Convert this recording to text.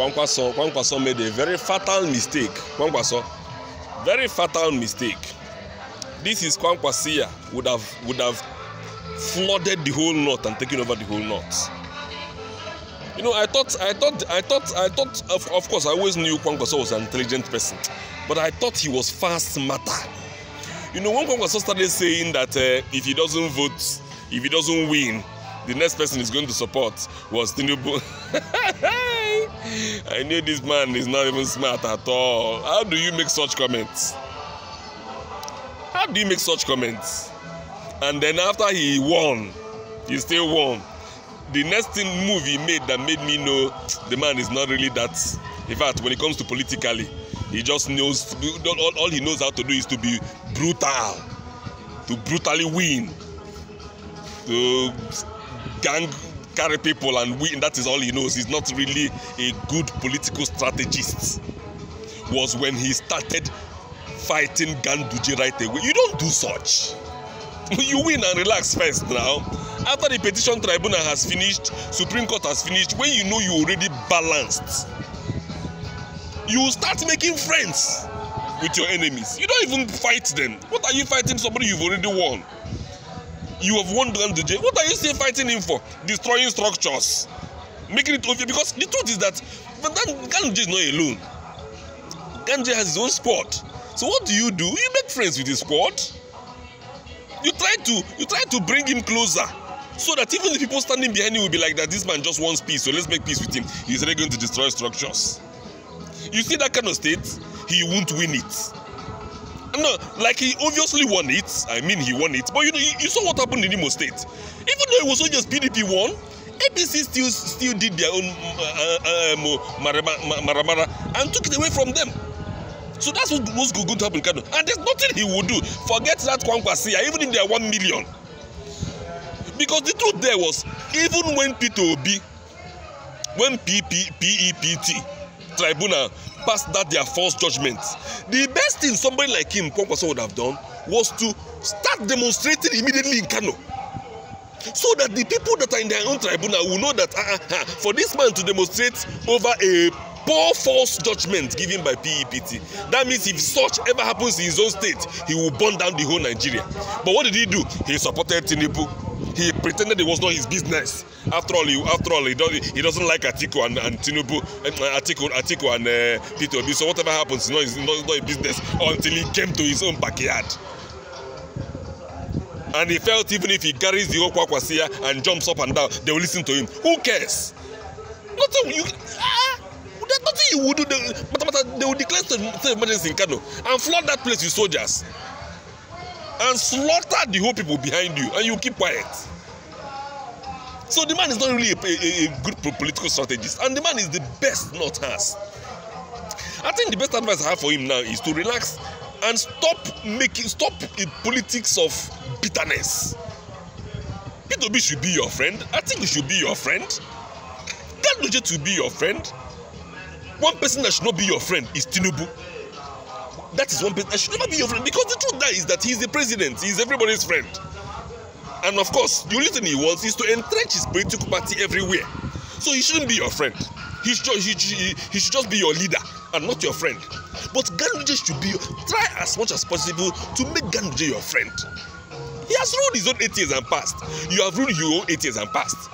Kwankwaso, Kwankwaso made a very fatal mistake. Kwankwaso, very fatal mistake. This is Kwankwasia would have would have flooded the whole north and taken over the whole north. You know, I thought, I thought, I thought, I thought. Of, of course, I always knew Kwankwaso was an intelligent person, but I thought he was far smarter. You know, when Kwankwaso started saying that uh, if he doesn't vote, if he doesn't win, the next person is going to support was Tinubu. I knew this man is not even smart at all. How do you make such comments? How do you make such comments? And then after he won, he still won. The next thing move he made that made me know the man is not really that. In fact, when it comes to politically, he just knows all, all he knows how to do is to be brutal, to brutally win, to gang carry people and win that is all he knows he's not really a good political strategist was when he started fighting ganduje right away you don't do such you win and relax first now after the petition tribunal has finished supreme court has finished when you know you already balanced you start making friends with your enemies you don't even fight them what are you fighting somebody you've already won you have won them to what are you still fighting him for destroying structures making it obvious because the truth is that but that Gandhi is not alone Gandhi has his own squad so what do you do you make friends with his squad you try to you try to bring him closer so that even the people standing behind him will be like that this man just wants peace so let's make peace with him he's already going to destroy structures you see that kind of state he won't win it no, like he obviously won it. I mean, he won it. But you know, you, you saw what happened in Imo State. Even though it was not just PDP won, APC still still did their own uh, uh um, maramara, maramara and took it away from them. So that's what was going to happen, Kano. And there's nothing he would do. Forget that Kwankwasia, even if they are one million. Because the truth there was, even when Peter Obi, when P PEPT, tribunal passed that their false judgment, the first thing somebody like him Kwankwaso would have done was to start demonstrating immediately in Kano so that the people that are in their own tribunal will know that uh, uh, uh for this man to demonstrate over a poor false judgment given by PEPT. That means if such ever happens in his own state, he will burn down the whole Nigeria. But what did he do? He supported Tinubu he pretended it was not his business. After all, he, after all, he, don't, he doesn't like Atiku and, and Tinubu, and eh, Atiku, Atiku and uh, eh, Peter Obi. So whatever happens, you it's not, his not a business until he came to his own backyard. And he felt even if he carries the Okwakwasia and jumps up and down, they will listen to him. Who cares? Nothing you. Ah! Nothing you would do, they, but, but, they will declare state of emergency in Kano and flood that place with soldiers and slaughter the whole people behind you and you keep quiet so the man is not really a, a, a good political strategist and the man is the best not has i think the best advice i have for him now is to relax and stop making stop a politics of bitterness p2b should be your friend i think he should be your friend that budget should be your friend one person that should not be your friend is tinubu That is one person. I should never be your friend because the truth there is that he's the president. He's everybody's friend. And of course, the only thing he wants is to entrench his political party everywhere. So he shouldn't be your friend. He should, he, he, he should just be your leader and not your friend. But Ganduje should be, try as much as possible to make Ganduje your friend. He has ruled his own eight years and past. You have ruled your own eight years and past.